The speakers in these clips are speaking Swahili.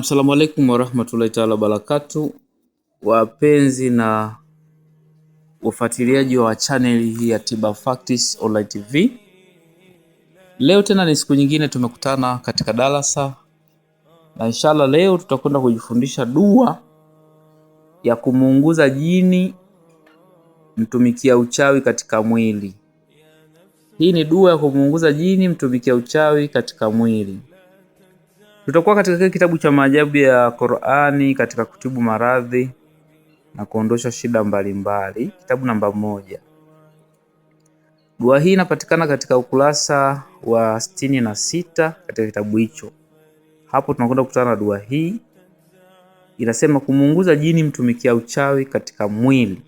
Assalamu alaikum warahmatullahi taala wabarakatu, wapenzi na wafuatiliaji wa chaneli hii ya Tiba Facts Online TV. Leo tena ni siku nyingine tumekutana katika darasa, na inshallah leo tutakwenda kujifundisha dua ya kumuunguza jini mtumikia uchawi katika mwili. Hii ni dua ya kumuunguza jini mtumikia uchawi katika mwili. Tutakuwa katika kile kitabu cha maajabu ya Qur'ani katika kutibu maradhi na kuondosha shida mbalimbali mbali. Kitabu namba moja. Dua hii inapatikana katika ukurasa wa sitini na sita katika kitabu hicho. Hapo tunakwenda kukutana na dua hii, inasema kumuunguza jini mtumikia uchawi katika mwili.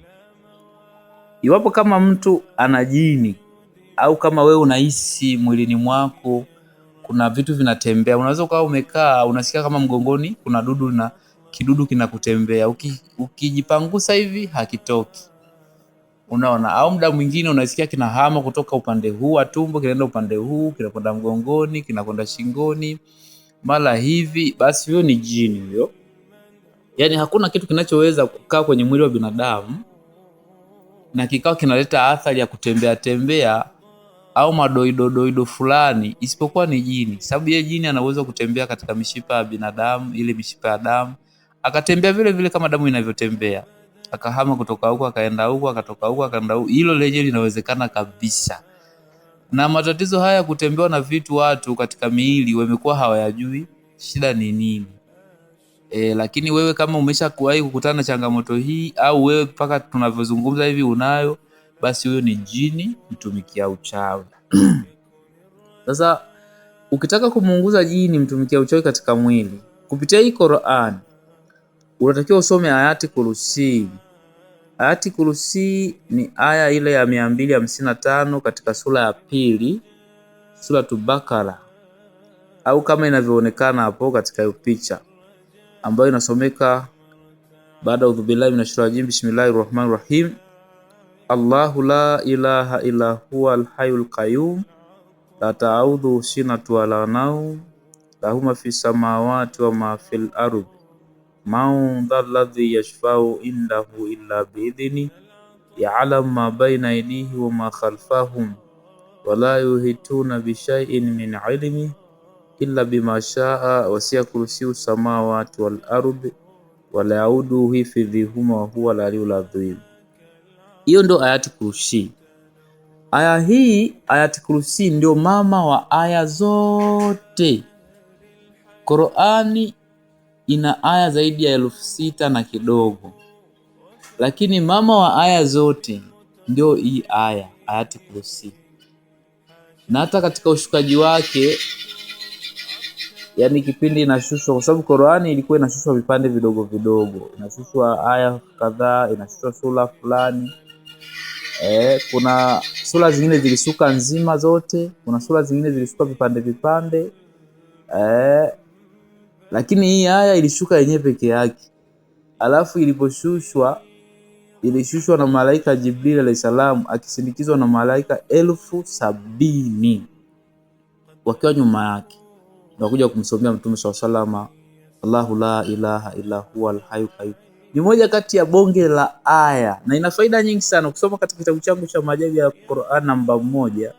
Iwapo kama mtu ana jini au kama wewe unahisi mwilini mwako kuna vitu vinatembea, unaweza ukawa umekaa unasikia kama mgongoni kuna dudu na kidudu kinakutembea, ukijipangusa hivi hakitoki, unaona. Au muda mwingine unasikia kinahama kutoka upande huu wa tumbo kinaenda upande huu, kinakwenda mgongoni, kinakwenda shingoni, mara hivi. Basi huyo ni jini huyo. yani hakuna kitu kinachoweza kukaa kwenye mwili wa binadamu na kikawa kinaleta athari ya kutembea tembea au madoidodoido fulani, isipokuwa ni jini, sababu yeye jini anaweza kutembea katika mishipa ya binadamu, ile mishipa ya damu, akatembea vile vile kama damu inavyotembea, akahama kutoka huko akaenda huko, akatoka huko akaenda huko. Hilo lenyewe linawezekana kabisa, na matatizo haya ya kutembewa na vitu watu katika miili wamekuwa hawayajui shida ni nini. E, lakini wewe kama umeshakuwahi kukutana na changamoto hii au wewe mpaka tunavyozungumza hivi unayo basi huyo ni jini mtumikia uchawi. Sasa ukitaka kumuunguza jini mtumikia uchawi katika mwili kupitia hii Qur'an, unatakiwa usome ayati kurusi. Ayati kurusi ni aya ile ya mia mbili hamsini na tano katika sura ya pili, sura Bakara au kama inavyoonekana hapo katika hiyo picha ambayo inasomeka baada udhubillahi rahmani bismillahirrahmanirrahim Allahu la ilaha illa huwa alhayyul qayyum la ta'udhu sinatu wala nawm lahuma fi samawati wa ma fil ardh man ladhi yashfau indahu illa biidhni ya'lamu ma bayna aydihim wa ma khalfahum wa la yuhituna bi shay'in min ilmi illa bima sha'a wasi'a kursiyu samawati wal ardh wa la yauduhu hifdhihuma wa huwa al aliyyul adhim hiyo ndo Ayatu Kursi. Aya hii Ayatu Kursi ndio mama wa aya zote. Qurani ina aya zaidi ya elfu sita na kidogo, lakini mama wa aya zote ndio hii aya Ayatu Kursi. Na hata katika ushukaji wake, yani kipindi inashushwa, kwa sababu Qurani ilikuwa inashushwa vipande vidogo vidogo, inashushwa aya kadhaa, inashushwa sura fulani eh, kuna sura zingine zilisuka nzima zote, kuna sura zingine zilisuka vipande vipande eh, lakini hii aya ilishuka yenyewe peke yake. Alafu iliposhushwa ilishushwa na malaika Jibril alayhi salam akisindikizwa na malaika elfu sabini wakiwa nyuma yake, kuja kumsomea Mtume swalla wasallam, Allahu la ilaha illa huwa alhayyul qayyum ni moja kati ya bonge la aya na ina faida nyingi sana. Ukisoma katika kitabu changu cha maajabu ya Qur'an namba moja,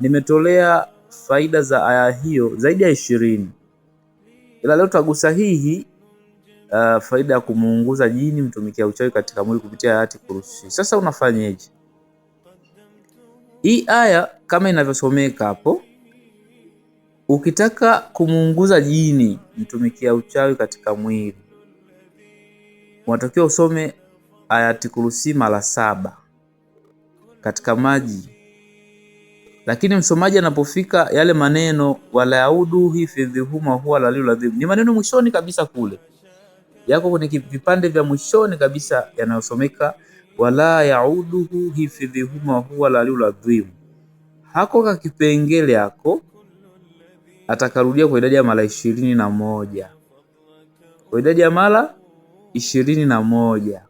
nimetolea faida za aya hiyo zaidi ya ishirini, ila leo tutagusa hii uh, faida ya kumuunguza jini mtumikia uchawi katika mwili kupitia Ayatul Kursi. Sasa unafanyaje? Hii aya kama inavyosomeka hapo, ukitaka kumuunguza jini mtumikia uchawi katika mwili unatakiwa usome Ayati Kurusi mara saba katika maji. Lakini msomaji anapofika yale maneno wala yaudu hifidhihuma huwa lalilu adhimu, ni maneno mwishoni kabisa kule yako kwenye vipande vya mwishoni kabisa yanayosomeka wala yauduhu hifidhihuma huwa lalilu adhimu. Hako ka kipengele hako atakarudia kwa idadi ya mara ishirini na moja kwa idadi ya mara ishirini na moja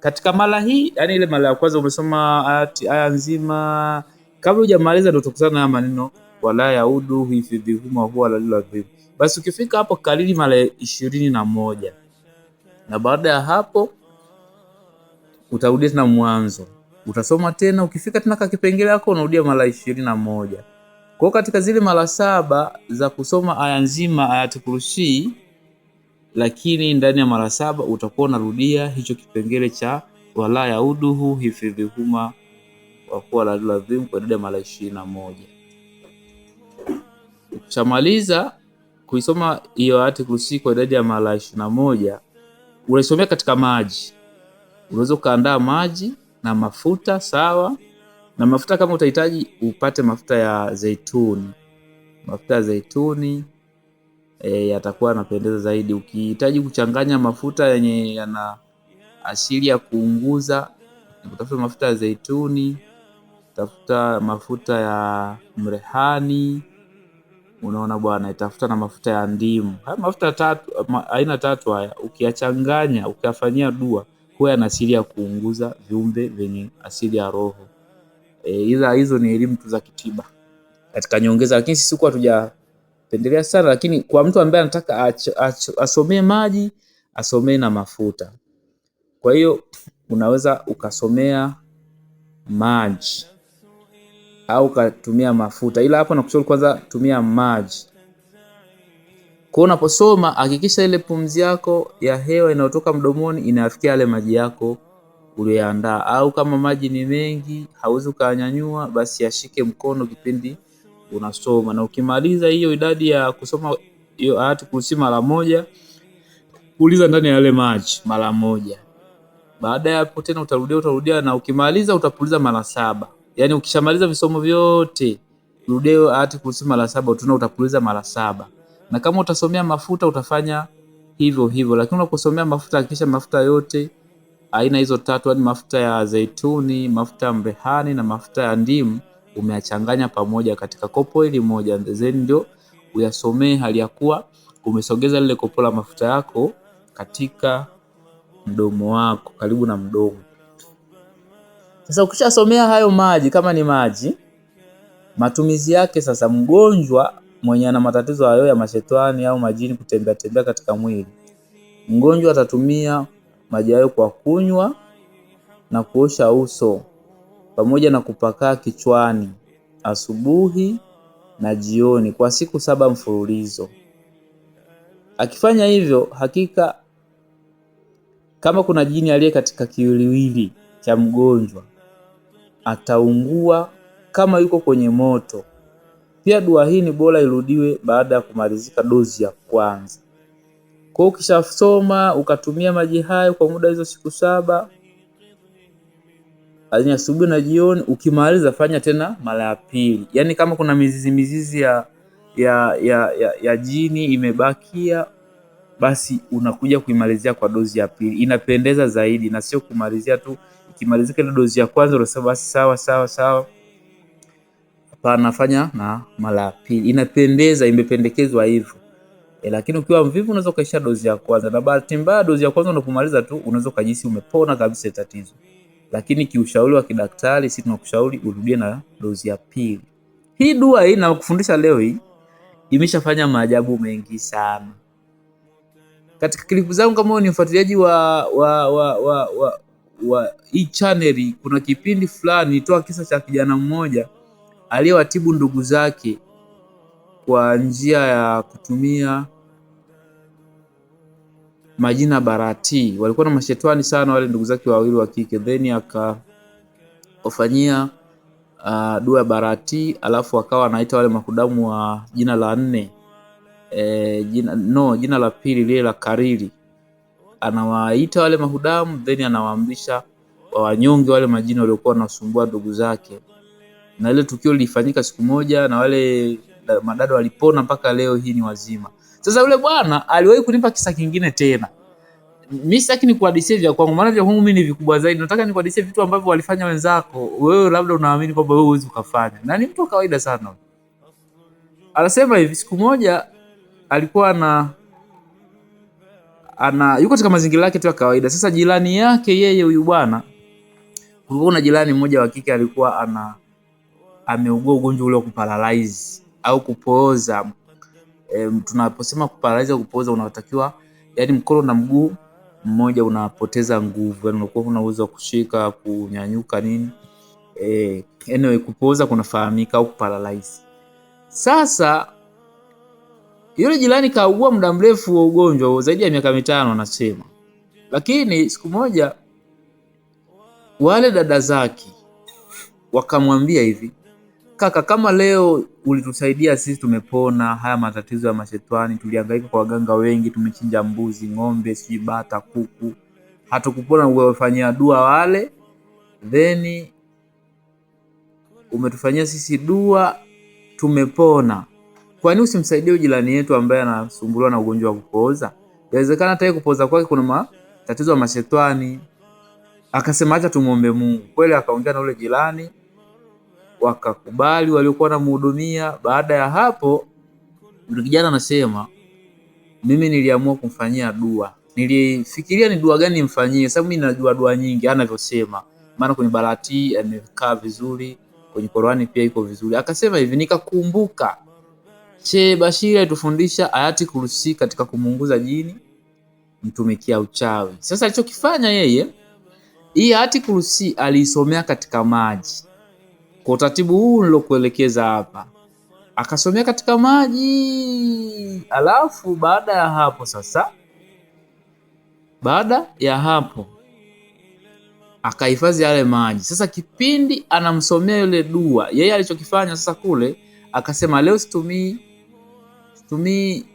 katika mara hii, yani ile mara ya kwanza umesoma aya nzima, kabla hujamaliza ndio utakutana na maneno wala yaudu hifidhihuma huwa lalila vivu. Basi ukifika hapo kariri mara ishirini na moja na baada ya hapo utarudia tena mwanzo, utasoma tena. Ukifika tena kakipengele yako unarudia mara ishirini na moja. kwao. katika zile mara saba za kusoma aya nzima Ayatul lakini ndani ya mara saba utakuwa unarudia hicho kipengele cha wala yauduhu hifidhihuma kwa kuwa lazimu kwa idadi ya mara ishirini na moja. Ukishamaliza kuisoma hiyo Ayatul Kursi kwa idadi ya mara ishirini na moja unaisomea katika maji. Unaweza ukaandaa maji na mafuta sawa, na mafuta kama utahitaji upate mafuta ya zeituni, mafuta ya zeituni e, yatakuwa yanapendeza zaidi. Ukihitaji kuchanganya mafuta yenye yana asili ya kuunguza, utafuta mafuta ya zeituni, tafuta mafuta ya mrehani, unaona bwana, itafuta na mafuta ya ndimu. Haya mafuta tatu, ma, aina tatu haya ukiyachanganya, ukiyafanyia dua huwa yana asili ya kuunguza viumbe vyenye asili ya roho. E, ila hizo ni elimu tu za kitiba katika nyongeza, lakini sisi kwa tuja pendelea sana lakini kwa mtu ambaye anataka asomee maji, asomee na mafuta. Kwa hiyo unaweza ukasomea maji au ukatumia mafuta, ila hapo nakushauri kwanza tumia maji. Kwa unaposoma hakikisha ile pumzi yako ya hewa inayotoka mdomoni inayafikia yale maji yako uliyoandaa, au kama maji ni mengi hauwezi ukayanyanyua, basi yashike mkono kipindi unasoma, na ukimaliza hiyo idadi ya kusoma hiyo hayati kursi mara moja, uliza ndani ya yale maji mara moja. Baada ya hapo tena utarudia utarudia, na ukimaliza utapuliza mara saba. Yani ukishamaliza visomo vyote, rudia hiyo hayati mara saba, tuna utapuliza mara saba, na kama utasomea mafuta utafanya hivyo hivyo, lakini unaposomea mafuta hakikisha mafuta yote aina hizo tatu, yani mafuta ya zaituni, mafuta ya mbehani na mafuta ya ndimu umeachanganya pamoja katika kopo hili moja, then ndio uyasomee hali ya kuwa umesogeza lile kopo la mafuta yako katika mdomo wako, karibu na mdomo. Sasa ukishasomea hayo maji, kama ni maji, matumizi yake sasa, mgonjwa mwenye ana matatizo hayo ya mashetani au majini kutembea tembea katika mwili, mgonjwa atatumia maji hayo kwa kunywa na kuosha uso pamoja na kupakaa kichwani asubuhi na jioni kwa siku saba mfululizo. Akifanya hivyo, hakika kama kuna jini aliye katika kiwiliwili cha mgonjwa ataungua kama yuko kwenye moto. Pia dua hii ni bora irudiwe baada ya kumalizika dozi ya kwanza. Kwa ukishasoma ukatumia maji hayo kwa muda hizo siku saba lakini asubuhi na jioni ukimaliza fanya tena mara ya pili. Yaani kama kuna mizizi mizizi ya ya, ya, ya, ya jini imebakia basi unakuja kuimalizia kwa dozi ya pili. Inapendeza zaidi na sio kumalizia tu, ikimalizika ile dozi ya kwanza unasema basi sawa sawa sawa. Hapana, fanya na mara ya pili. Inapendeza, imependekezwa hivyo. E, lakini ukiwa mvivu unaweza ukaisha dozi ya kwanza, na bahati mbaya dozi ya kwanza unapomaliza tu unaweza ukajisi umepona kabisa tatizo lakini kiushauri wa kidaktari, sisi tunakushauri urudie na dozi ya pili. Hii dua hii nakufundisha leo hii imeshafanya maajabu mengi sana katika klipu zangu. Kama ni mfuatiliaji wa, wa, wa, wa, wa, wa hii chaneli, kuna kipindi fulani nitoa kisa cha kijana mmoja aliyewatibu ndugu zake kwa njia ya kutumia majina Barati. Walikuwa na mashetani sana wale ndugu zake wawili wa kike, then akawafanyia uh, dua ya Barati, alafu akawa anaita wale makudamu wa jina la nne e, jina, no jina la pili lile la Kariri, anawaita wale mahudamu then anawaamrisha wanyonge wale majina waliokuwa wanasumbua ndugu zake. Na ile tukio lilifanyika siku moja, na wale madada walipona mpaka leo hii ni wazima. Sasa yule bwana aliwahi kunipa kisa kingine tena. Mimi sitaki nikuhadithia vya kwangu, maana vya kwangu mimi ni vikubwa zaidi. Nataka nikuhadithie vitu ambavyo walifanya wenzako, wewe labda unaamini kwamba wewe huwezi kufanya. na ni mtu wa kawaida sana. Anasema hivi, siku moja alikuwa na ana yuko katika mazingira yake tu ya kawaida. Sasa jirani yake yeye huyu bwana, kulikuwa na jirani mmoja wa kike alikuwa ana ameugua ugonjwa ule wa kuparalyze au kupooza E, tunaposema kuparalyze kupoza, unatakiwa yani mkono na mguu mmoja unapoteza nguvu, yani unakuwa huna uwezo wa kushika, kunyanyuka nini. E, anyway, kupoza kunafahamika au kuparalyze. Sasa yule jirani kaugua muda mrefu wa ugonjwa zaidi ya miaka mitano anasema, lakini siku moja wale dada zake wakamwambia hivi Kaka, kama leo ulitusaidia sisi, tumepona haya matatizo ya mashetani. tuliangaika kwa waganga wengi, tumechinja mbuzi, ng'ombe, sijui bata, kuku, hatukupona. Uwafanyia dua wale, then umetufanyia sisi dua, tumepona. Kwa nini usimsaidie jirani yetu ambaye anasumbuliwa na ugonjwa wa kupooza? Inawezekana hata kupooza kwake kuna matatizo ya mashetani. Akasema acha tumwombe Mungu. Kweli akaongea na ule jirani wakakubali waliokuwa wanamhudumia. Baada ya hapo, yule kijana anasema mimi niliamua kumfanyia dua, nilifikiria ni dua gani nimfanyie, sababu mimi najua dua nyingi anavyosema, maana kwenye barati amekaa vizuri, kwenye Qur'ani pia iko vizuri. Akasema hivi, nikakumbuka Che Bashiri alitufundisha ayati kursi katika kumunguza jini, mtumikia uchawi. Sasa alichokifanya yeye, hii ayati kursi aliisomea katika maji kwa utaratibu huu nilokuelekeza hapa, akasomea katika maji. Alafu baada ya hapo sasa, baada ya hapo akahifadhi yale maji. Sasa kipindi anamsomea yule dua, yeye alichokifanya sasa kule akasema, leo situmii situmii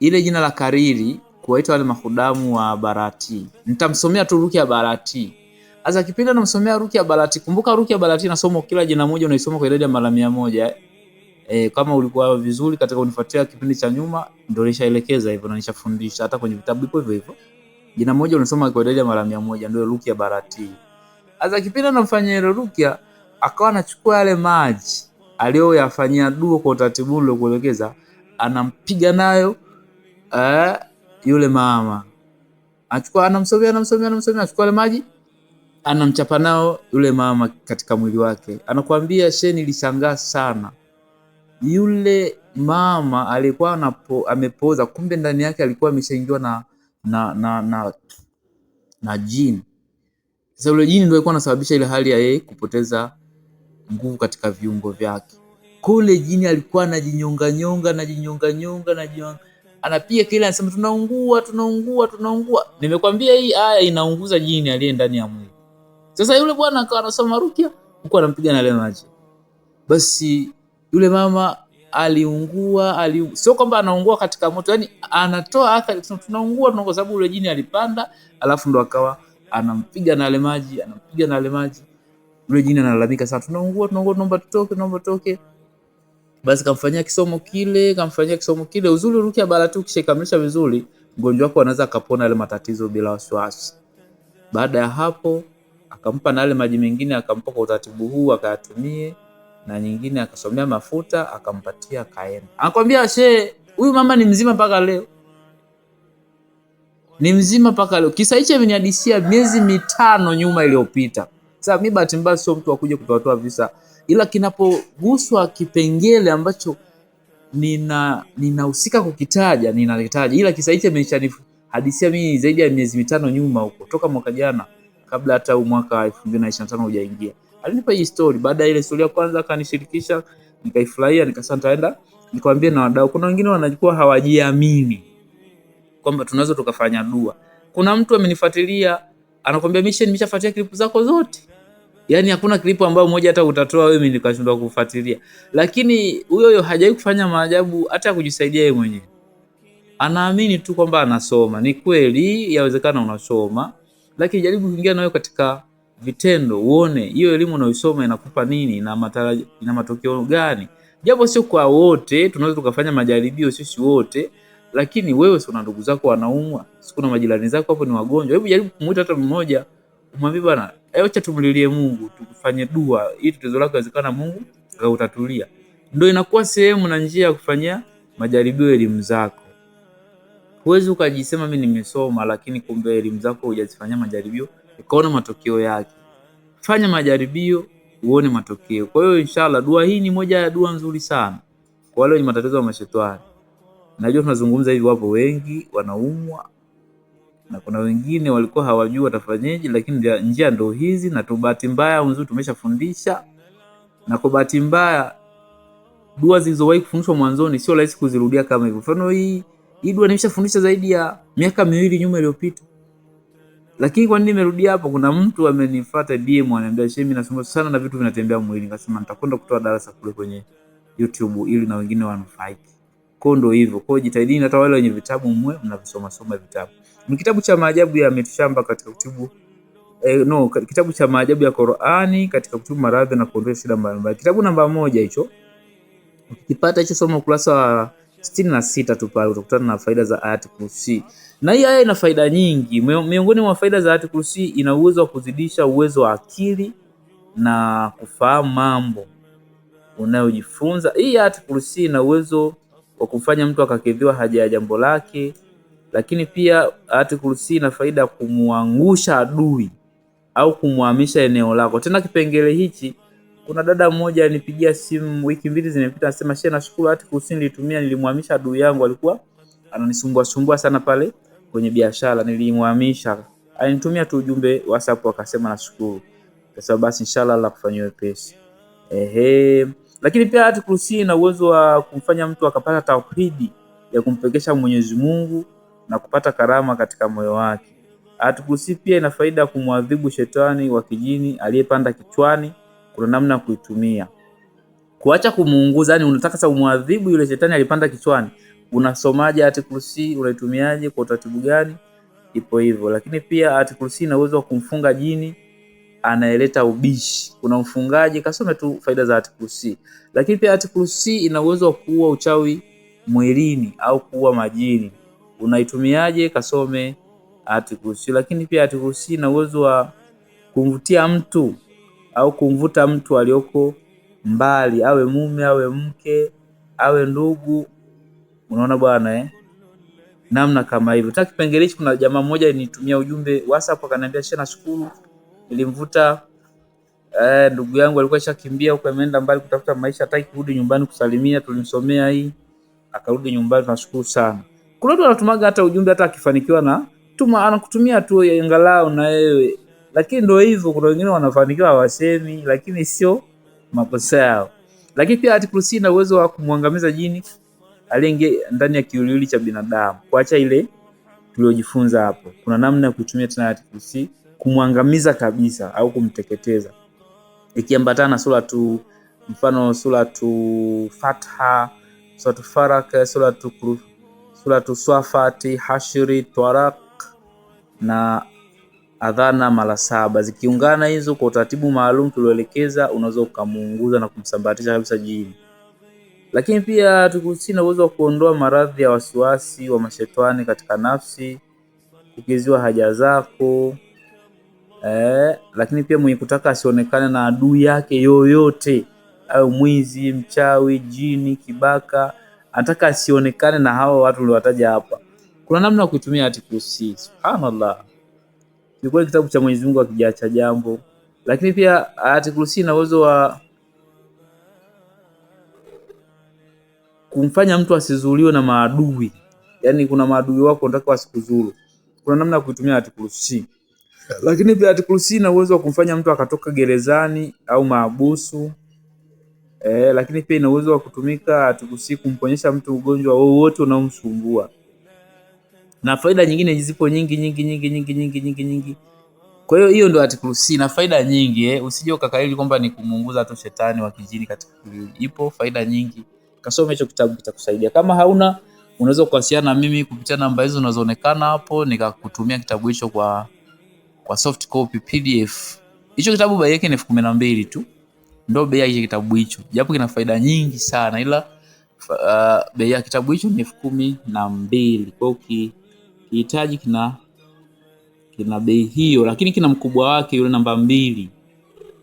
ile jina la kariri kuwaita wale mahudamu wa barati, nitamsomea tu ruki ya barati sasa kipindi anamsomea Ruki ya Balati, kumbuka Ruki ya Balati nasoma kila jina moja unaisoma kwa idadi ya mara 100. E, kama ulikuwa vizuri katika kunifuatia kipindi cha nyuma ndio nishaelekeza hivyo na nishafundisha hata kwenye vitabu hivyo hivyo. Jina moja unasoma kwa idadi ya mara 100 ndio Ruki ya Balati. Sasa kipindi anamfanyia hilo Rukia akawa anachukua yale maji aliyoyafanyia duo kwa utaratibu ule kuelekeza, anampiga nayo eh, yule mama. Achukua anamsomea anamsomea anamsomea, achukua yale maji anamchapa nao yule mama katika mwili wake. Anakuambia Shein ilishangaa sana, yule mama alikuwa anapo, amepoza, kumbe ndani yake alikuwa ameshaingiwa na na na na, na jini. Sasa yule jini ndio alikuwa anasababisha ile hali ya yeye kupoteza nguvu katika viungo vyake. Kule jini alikuwa anajinyonga nyonga, na jinyonga nyonga, na jinyonga, anapiga kila anasema tunaungua, tunaungua, tunaungua. Nimekwambia hii aya inaunguza jini aliye ndani ya mwili. Sasa yule bwana akawa anasoma Rukia huku anampiga na maji. Basi yule mama aliungua, ali sio kwamba anaungua katika moto, yani anatoa athari, tunaungua tuna kwa sababu yule jini alipanda, alafu ndo akawa anampiga na maji, anampiga na maji. Yule jini analalamika sana, tunaungua, tunaungua, naomba tutoke, naomba tutoke. Basi kamfanyia kisomo kile, kamfanyia kisomo kile. Uzuri Rukia bara tu kishakamilisha vizuri, mgonjwa wako anaweza kapona ile matatizo bila wasiwasi. Baada ya hapo akampa na yale maji mengine, akampa kwa utaratibu huu akayatumie, na nyingine akasomea mafuta akampatia, akaenda. Anakwambia she, huyu mama ni mzima mpaka leo, ni mzima mpaka leo. Kisa hicho imenihadisia miezi mitano nyuma iliyopita. Sasa mimi bahati mbaya sio mtu wa kuja visa, ila kinapoguswa kipengele ambacho nina ninahusika kukitaja ninalitaja, ila kisa hicho hadisia mimi zaidi ya miezi mitano nyuma huko, toka mwaka jana kabla hata huu mwaka wa 2025 hujaingia. Alinipa hii story, baada ya ile story ya kwanza akanishirikisha, nikaifurahia, nikasema nitaenda nikwambie na wadau. Kuna wengine wanakuwa hawajiamini kwamba tunaweza tukafanya dua. Kuna mtu amenifuatilia anakuambia, Mission, nimeshafuatilia clip zako zote Yaani hakuna klipu ambayo moja hata utatoa wewe mimi nikashindwa kufuatilia. Lakini huyo huyo hajawahi kufanya maajabu hata ya kujisaidia yeye mwenyewe. Anaamini tu kwamba anasoma. Ni kweli yawezekana unasoma, lakini jaribu kuingia nayo katika vitendo uone hiyo elimu unayosoma inakupa nini na matarajio na matokeo gani. Japo sio kwa wote tunaweza tukafanya majaribio sisi wote, lakini wewe sio, na ndugu zako wanaumwa, siku na majirani zako hapo ni wagonjwa. Hebu jaribu kumuita hata mmoja, umwambie bwana, eh, acha tumlilie Mungu, tukufanye dua ili tatizo lako iwezekana Mungu akakutatulia. Ndio inakuwa sehemu na njia ya kufanyia majaribio elimu zako. Huwezi ukajisema mimi nimesoma, lakini kumbe elimu zako hujazifanyia majaribio ukaona matokeo yake. Fanya majaribio uone matokeo. Kwa hiyo inshallah, dua hii ni moja ya dua nzuri sana kwa wale wenye matatizo ya mashetani. Najua tunazungumza hivi, wapo wengi wanaumwa na kuna wengine walikuwa hawajua watafanyeje, lakini njia ndo hizi, na tu bahati mbaya nzuri tumeshafundisha, na kwa bahati mbaya dua zilizowahi kufundishwa mwanzoni sio rahisi kuzirudia kama hivyo. Mfano hii Idu nimeshafundisha zaidi ya miaka miwili nyuma iliyopita, lakini kwa nini nimerudi hapa? Kuna mtu amenifuata DM ananiambia, mimi nasumbua sana na vitu vinatembea mwilini. Nikasema nitakwenda kutoa darasa kule kwenye YouTube ili na wengine wanufaike. Kwa ndo hivyo. Kwa jitahidi hata wale wenye vitabu mwe mnavisoma soma vitabu. Ni kitabu cha maajabu ya mitishamba katika kutibu eh, no, kitabu cha maajabu ya Qur'ani katika kutibu maradhi na kuondoa shida mbalimbali. Kitabu namba moja hicho. Ukipata hicho, soma ukurasa wa sitini na sita tu pale utakutana na faida za Ayatul Kursi, na hii aya ina faida nyingi. Miongoni mwa faida za Ayatul Kursi, ina uwezo wa kuzidisha uwezo wa akili na kufahamu mambo unayojifunza. Hii Ayatul Kursi ina uwezo wa kumfanya mtu akakidhiwa haja ya jambo lake, lakini pia Ayatul Kursi ina faida ya kumwangusha adui au kumhamisha eneo lako. Tena kipengele hichi kuna dada mmoja nipigia simu wiki mbili zimepita, anasema shehe, nashukuru hati kuhusu nilitumia, nilimhamisha adui yangu, alikuwa ananisumbua sumbua sana pale kwenye biashara, nilimhamisha. Alinitumia tu ujumbe WhatsApp akasema nashukuru. kwa sababu basi inshallah la kufanyia pesa. Ehe. Lakini pia hati kuhusu ina uwezo wa kumfanya mtu akapata tauhidi ya kumpekesha Mwenyezi Mungu na kupata karama katika moyo wake. Hati kuhusu pia ina faida kumwadhibu shetani wa kijini aliyepanda kichwani kuna namna kuitumia. Kuacha kumuunguza, yani unataka sasa umwadhibu yule shetani alipanda kichwani, unasomaje Ayatul Kursi, unaitumiaje kwa utaratibu gani? Ipo hivyo, lakini pia Ayatul Kursi ina uwezo wa kumfunga jini anayeleta ubishi. Kuna mfungaji kasome tu faida za Ayatul Kursi. Lakini pia Ayatul Kursi ina uwezo wa kuua uchawi mwilini au kuua majini. Unaitumiaje? Kasome Ayatul Kursi. Lakini pia Ayatul Kursi ina uwezo wa kumvutia mtu au kumvuta mtu aliyoko mbali, awe mume awe mke awe ndugu. Unaona bwana eh? namna kama hivyo. Hata kipengele hichi, kuna jamaa mmoja alinitumia ujumbe WhatsApp akaniambia, shana shukuru, nilimvuta eh, ndugu yangu alikuwa shakimbia huko, ameenda mbali kutafuta maisha, hataki kurudi nyumbani kusalimia. Tulimsomea hii, akarudi nyumbani, tunashukuru sana. Kuna watu wanatumaga hata ujumbe, hata akifanikiwa na tuma, anakutumia tu angalau na wewe lakini ndio hivyo, kuna wengine wanafanikiwa hawasemi, lakini sio makosa yao. Lakini pia ati Kursi ina uwezo wa kumwangamiza jini aliyeingia ndani ya kiuliuli cha binadamu. Kuacha ile tuliojifunza hapo, kuna namna ya kutumia tena ati Kursi kumwangamiza kabisa au kumteketeza, ikiambatana na sura tu, mfano sura tu Fatha, sura tu Faraka, sura tu Sura tu Swafati, Hashri, Twaraq na adhana mara saba, zikiungana hizo kwa utaratibu maalum tulioelekeza, unaweza ukamuunguza na kumsambatisha kabisa jini. Lakini pia tukusi na uwezo wa kuondoa maradhi ya wasiwasi wa mashetani katika nafsi, kukiziwa haja zako eh, lakini pia mwenye kutaka asionekane na adui yake yoyote, au mwizi, mchawi, jini, kibaka, anataka asionekane na hawa watu uliowataja hapa. Kuna namna ya kuitumia hati kusi. Subhanallah ni kweli kitabu cha Mwenyezi Mungu akijaacha jambo, lakini pia Ayatul Kursi ina uwezo wa kumfanya mtu asizuliwe na maadui. Yaani kuna maadui wako unataka wasikuzuru, kuna namna ya kuitumia Ayatul Kursi. Lakini pia Ayatul Kursi ina uwezo wa kumfanya mtu akatoka gerezani au maabusu eh, lakini pia ina uwezo wa kutumika Ayatul Kursi kumponyesha mtu ugonjwa wowote unaomsumbua na faida nyingine zipo nyingi nyingi nyingi nyingi nyingi nyingi nyingi. Kwa hiyo hiyo ndio Atikusi na faida nyingi eh, usije ukakaili kwamba ni kumunguza tu shetani wa kijini katika. kijini. Ipo faida nyingi, kasome hicho kitabu kitakusaidia. Kama hauna unaweza kuwasiliana na mimi kupitia namba hizo zinazoonekana hapo, nikakutumia kitabu hicho kwa kwa soft copy PDF. Hicho kitabu bei yake ni elfu kumi na mbili tu, ndio bei ya hicho kitabu hicho, japo kina faida nyingi sana, ila uh, bei ya kitabu hicho ni elfu kumi na mbili kwa Kihitaji kina kina bei hiyo, lakini kina mkubwa wake yule namba mbili,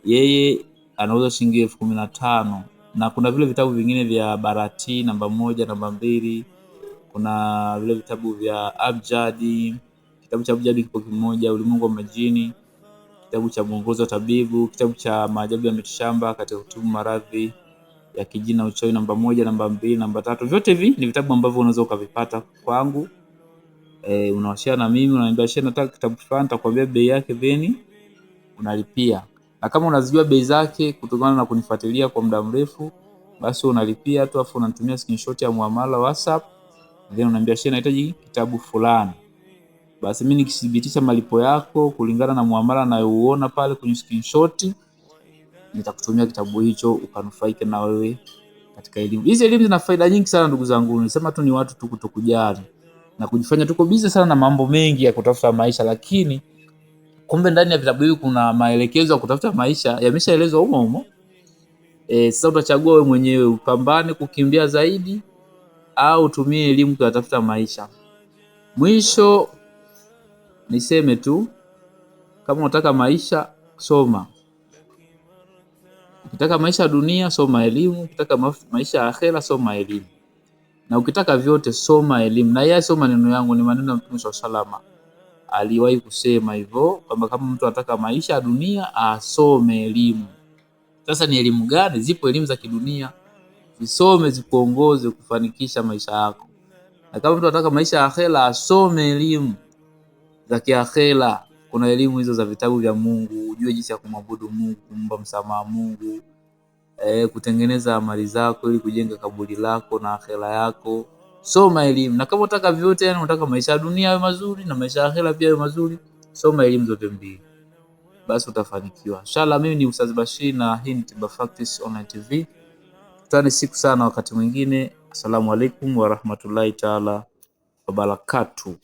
yeye anauza shilingi elfu kumi na tano na kuna vile vitabu vingine vya Barati namba moja, namba mbili, kuna vile vitabu vya Abjadi. Kitabu cha Abjadi kipo kimoja, Ulimwengu wa Majini, kitabu cha Mwongozo wa Tabibu, kitabu cha Maajabu ya Mitishamba katika kutibu maradhi ya kijina uchawi namba moja, namba mbili, namba tatu. Vyote hivi ni vitabu ambavyo unaweza ukavipata kwangu eh, unawashia na mimi, unaniambia shida, nataka kitabu fulani, nitakwambia bei yake then unalipia. Na kama unazijua bei zake kutokana na kunifuatilia kwa muda mrefu, basi unalipia tu, afu unanitumia screenshot ya muamala WhatsApp, then unaniambia shida, nahitaji kitabu fulani. Basi mimi nikithibitisha malipo yako kulingana na muamala nayouona pale kwenye screenshot, nitakutumia kitabu hicho ukanufaike na wewe katika elimu. Hizi elimu zina faida nyingi sana ndugu zangu, nisema tu ni watu tu kutokujali na kujifanya tuko busy sana na mambo mengi ya kutafuta maisha, lakini kumbe ndani ya vitabu hivi kuna maelekezo ya kutafuta maisha yameshaelezwa humo humo. E, sasa utachagua wewe mwenyewe upambane kukimbia zaidi au utumie elimu kuyatafuta maisha. Mwisho niseme tu, kama unataka maisha soma. Ukitaka maisha ya dunia soma elimu, ukitaka maisha ya akhera soma elimu na ukitaka vyote soma elimu. Na yeye sio maneno yangu, ni maneno ya Mtume swalla salama, aliwahi kusema hivyo kwamba kama mtu anataka maisha ya dunia asome elimu. Sasa ni elimu gani? Zipo elimu za kidunia, zisome zikuongoze kufanikisha maisha yako, na kama mtu anataka maisha ya akhera asome elimu za kiakhera. Kuna elimu hizo za vitabu vya Mungu, ujue jinsi ya kumwabudu Mungu, kumba msamaha Mungu eh, kutengeneza amali zako ili kujenga kaburi lako na akhera yako. Soma elimu, na kama unataka vyote, yani unataka maisha ya dunia yawe mazuri na maisha ya akhera pia yawe mazuri, soma elimu zote mbili, basi utafanikiwa inshallah. Mimi ni Ustadh Bashir na hii ni Tiba Facts Online TV. Tutane siku sana, wakati mwingine. Assalamu alaikum warahmatullahi taala wabarakatuh.